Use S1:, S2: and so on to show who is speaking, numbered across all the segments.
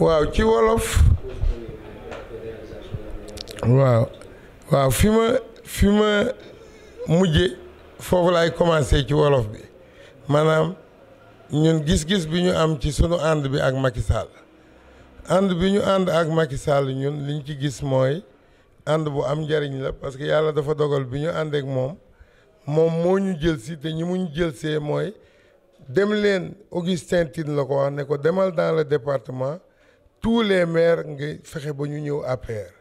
S1: waaw ci wolof waaw waaw fi ma fi ma mujje foofu lay commencé ci wolof bi maanaam ñun gis-gis bi ñu am ci sunu ànd bi ak Macky ànd bi ñu ànd ak Macky Sall ñun liñ ci gis mooy ànd bu am njariñ la parce que yàlla dafa dogal bi ñu àndeek moom moom moo ñu jël si te ñi mu ñu jël see mooy dem leen Augustin Tine la ko wax ne ko demal dans le département tous les maires ngi fexe ba ñu ñëw APR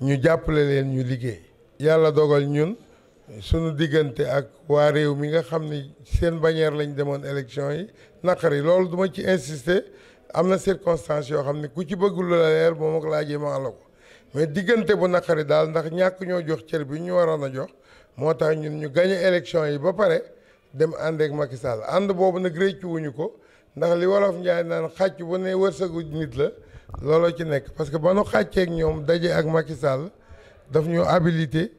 S1: ñu jàppale leen ñu liggéey yàlla dogal ñun sunu diggante ak waa réew mi nga xam ni seen bannière lañ demoon élection yi naqari loolu duma ci insister am na circonstance yoo xam ne ku ci bëggul la leer moom ak laajee ma la ko mais diggante bu naqari daal ndax ñàkk ñoo jox cër bi ñu waroon a jox moo tax ñun ñu gañe élection yi ba pare dem ànd ak ànd boobu nag réccu ko ndax li wolof njaay naan xàcc bu ne wërsëgu nit la looloo ci nekk parce que ba nu xàcceeg ñoom daje ak Macky Sall daf ñu habilité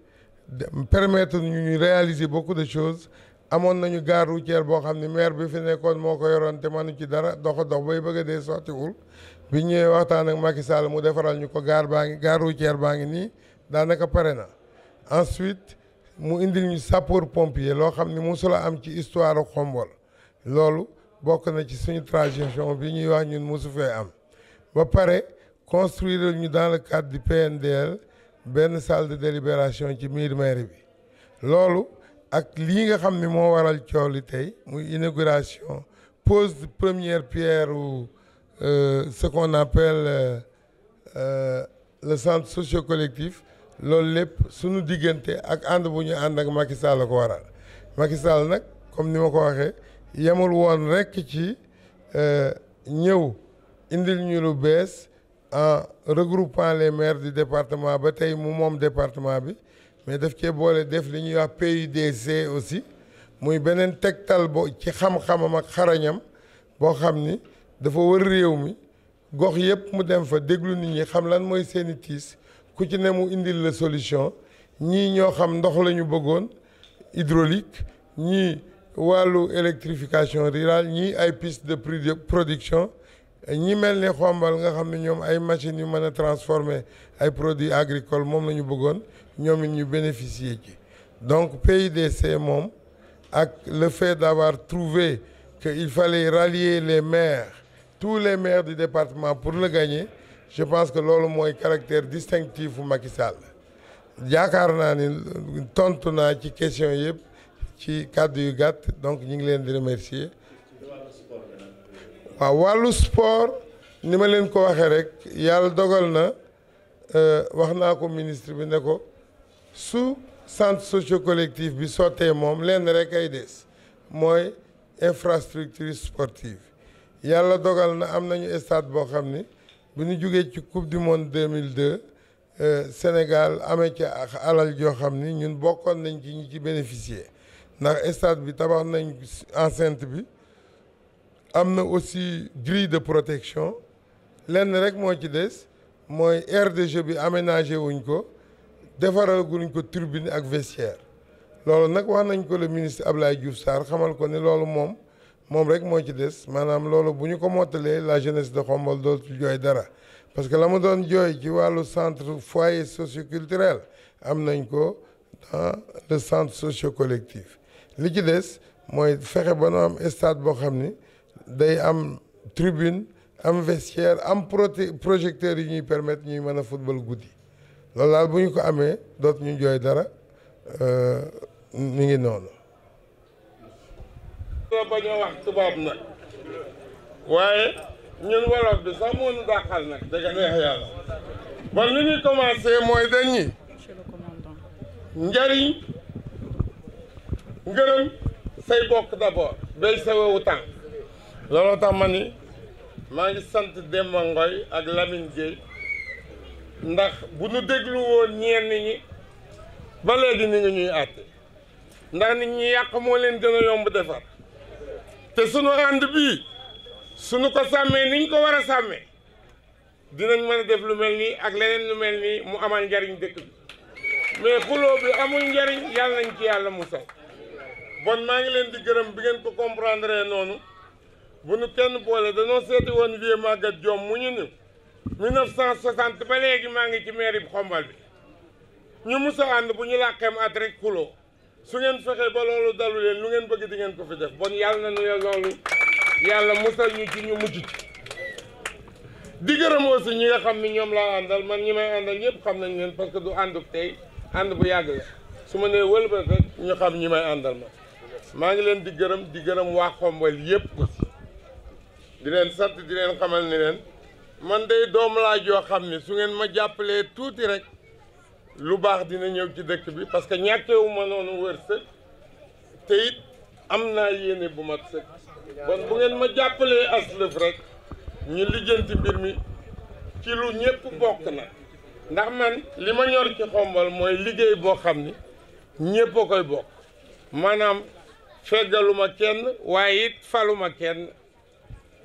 S1: permettre ñu ñu réaliser beaucoup de choses amoon nañu gare routière boo xam ne maire bi fi nekkoon moo ko yoroon te manu ci dara dox dox bay bëgg a dee sottiwul bi ñëwee waxtaan ak Macky Sall mu defaral ñu ko gare baa ngi gare routière baa ngi nii daanaka pare na ensuite mu indi ñu sapor pompier loo xam ni ne mosula am ci histoire xombol loolu bokk na ci suñu transition bi ñuy wax ñun mosu fee am ba pare construire ñu dans le cadre du PNDL benn salle de délibération ci miir mairie bi loolu ak lii nga xam ni moo waral coow tey muy inauguration pose première pierre ou euh, ce qu'on appelle euh, euh, le centre socio-collectif loolu lépp suñu diggante ak ànd bu ñu ànd ak Macky Sall la ko waral Macky Sall nag comme ni ma ko waxee yemul woon rekk ci euh, ñëw indil ñu lu bees en regroupant les maires du département ba tey mu moom département bi mais daf cee boole def li ñuy wax PUDC aussi muy beneen tegtal bo ci xam-xamam ak xarañam boo xam ni dafa wër réew mi gox yëpp mu dem fa déglu nit ñi xam lan mooy seeni tiis ku ci ne mu indil la solution ñii ñoo xam ndox la ñu bëggoon hydraulique ñii wàllu électrification rurale ñii ay piste de production ñi mel ni xombal nga xam ne ñoom ay machines yu mën a transformer ay produits agricoles moom la ñu bëggoon ñoom ñu bénéficier ci donc PIDC moom ak le fait d'avoir trouvé que il fallait rallier les maires tous les maires du département pour le gagner je pense que loolu mooy caractère distinctif bu Macky Sall yaakaar naa ni tontu naa ci question yëpp ci kàddu yu gàtt donc ñu ngi leen di remercier waaw wàllu sport ni ma leen ko waxee rek yàlla dogal na euh, wax naa ko ministre bi ne ko su centre socio collectif bi sottee moom lenn rek ay des mooy infrastructure sportive yàlla dogal na am nañu stade boo xam ni bu ñu jógee ci coupe du monde 2002 euh, Sénégal amee ci alal joo xam ni ñun bokkoon nañ ci ñu ci bénéficier ndax stade bi tabax nañ enceinte bi am na aussi grille de protection lenn rek moo ci des mooy aire de jeu bi aménagé wuñ ko defaraguñ ko tribune ak vestiaire loolu nag wax nañ ko le ministre Abdoulaye Diouf Sarr xamal ko ni loolu moom moom rek moo ci des maanaam loolu bu ñu ko mottalee la jeunesse de Khombole dootul jooy dara parce que la mu doon jooy ci wàllu centre foyer socioculturel am nañ ko dans le centre socio collectif li ci des mooy fexe ba nu am stade boo xam ni day am tribune am vestiaire am proté projecteur yi ñuy permettre ñuy mën a football guddi loolu daal bu ñu ko amee doot ñu jooy dara euh, mi ngi noonu. bañ waaye ñun wolof bi sax moo ñu nag dëgg yàlla bon li ñuy commencé mooy dañ ñi njariñ ngërëm say bokk d'abord day sa wewu tànk looloo tax ma ni maa ngi sant Demba Ngoy ak Lamine Gueye ndax bu nu déglu woon ñenn ñi ba léegi ni ngi ñuy àtte ndax nit ñi yàq moo leen gën a yomb defar te sunu ànd bii sunu ko sàmmee ni ko war a sàmmee dinañ mën a def lu mel nii ak leneen lu mel nii mu amal njariñ dëkk bi mais xuloo bi amul njariñ yàlla nañ ci yàlla mu musal bon maa ngi leen di gërëm bi ngeen ko comprendre noonu bu nu kenn boole danoo seeti woon Vieux Maguette Diome mu ñu ni 1960 ba léegi maa ngi ci mairie bi xombal bi ñu musa ànd bu ñu làqeem at rek kuloo su ngeen fexee ba loolu dalu leen lu ngeen bëgg di ngeen ko fi def bon yàlla na nu loolu yàlla musal ñu ci ñu mujj ci di gërëm si ñi nga xam ni ñoom laa àndal ma ñi may àndal ñëpp xam nañ leen parce que du ànduk tey ànd bu yàgg la su ma nee wëlba rek ñu xam ñi àndal ma maa ngi leen di gërëm di gërëm waa Xombol yépp aussi di leen sant di leen xamal ni leen man de doomulaa laa joo xam ni su ngeen ma jàppalee tuuti rek lu baax dina ñëw ci dëkk bi parce que ñàkkewu ma noonu wërsëg te it am naa yéene bu mat sëg bon bu ngeen ma jàppalee aslëf rek ñu lijjanti mbir mi ci lu ñépp bokk na ndax man li ma ñor ci Xombol mooy liggéey boo xam ni ñépp koy bokk maanaam feggaluma kenn waaye it faluma kenn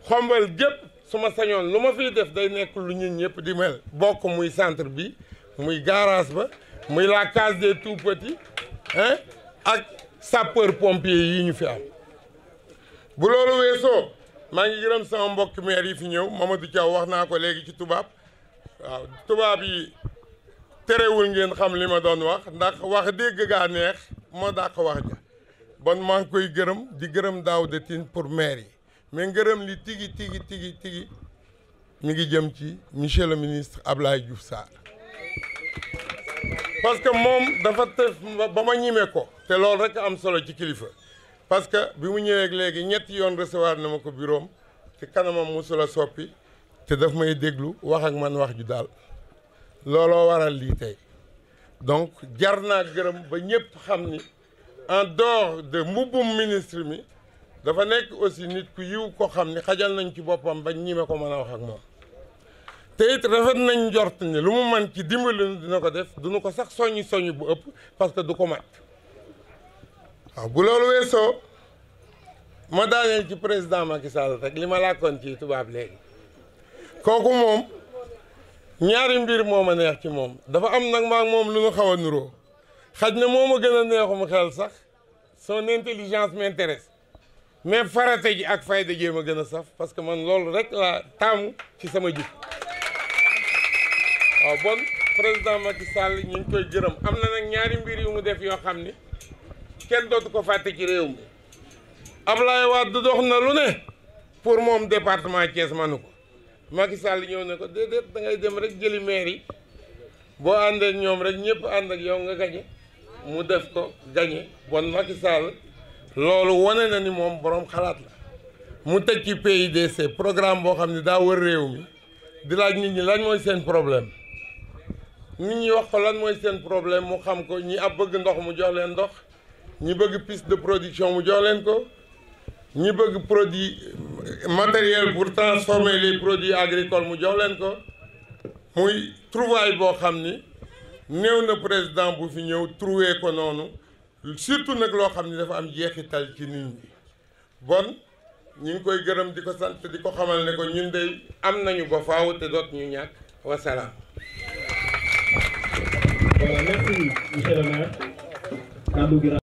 S1: xombal jëpp su ma sañoon lu ma fi def day nekkul lu ñun ñëpp di mel bokk muy centre bi muy garage ba muy la case des tout petits hein ak sapeur pompier yi ñu fi am bu loolu weesoo maa ngi gërëm sama mbokk maire yi fi ñëw di Thiaw wax naa ko léegi ci tubaab waaw tubaab yi terewul ngeen xam li ma doon wax ndax wax dégg gaa neex moo dàq wax ja bon maa ngi koy gërëm di gërëm Daouda Tine pour maire yi mais ngërëm li tigi tigi tigi tigi mi ngi jëm ci monsieur le ministre Ablaye Diouf Sarr parce que moom dafa tef ba ma ñime ko te loolu rek am solo ci kilifa parce que bi mu ñëweek léegi ñetti yoon recevoir na ma ko bureau te kanamam mosula soppi te daf may déglu wax ak man wax ju daal looloo waral lii tey donc jar naa gërëm ba ñëpp xam ni en dehors de mbubbum ministre mi dafa nekk aussi nit ku yiw ko xam ni xajal nañ ci boppam ba ñime ko mën a wax ak moom te it rafet nañ njort ni lu mu man ci dimbali dina ko def du duñu ko sax soññi soññi bu ëpp parce que du ko mat waaw bu loolu weesoo ma daaneel ci président Macky Sall rek li ma làkkoon ci tubaab léegi kooku moom ñaari mbir moo ma neex ci moom dafa am nag maag moom lu nu xaw a nuroo xaj na moo ma gën a neexum xel sax son intelligence m'intéresse mais farata ji ak fayde jéem a gën a saf parce que man loolu rek laa taamu ci sama jub waaw bon président Macky Sall ñu ngi koy gërëm am na nag ñaari mbir yu mu def yoo xam ni kenn dootu ko fàtte ci réew mi Ablaye Wade dox na lu ne pour moom département Thiès manu ko Macky Sall ñëw ne ko déedéet da ngay dem rek jëli maire yi boo àndee ñoom rek ñëpp ànd ak yow nga gaje mu def ko gagné bon Macky Sall loolu wane na ni moom borom xalaat la mu teg ci PIDC programme boo xam ne daa wër réew mi di laaj nit ñi lañ mooy seen problème nit ñi wax ko lan mooy seen problème mu xam ko ñi ab bëgg ndox mu jox leen ndox ñi bëgg piste de production mu jox leen ko ñi bëgg produit matériel bu transformer les produit agricole mu jox leen ko muy trouvaille boo xam ni. néew na président bu fi ñëw trouvé ko noonu surtout nag loo xam ne dafa am jeexital ci nit ñi bon ñu ngi koy gërëm di ko sant di ko xamal ne ko ñun de am nañu ba faaw te doot ñu ñàkk wasalaam. voilà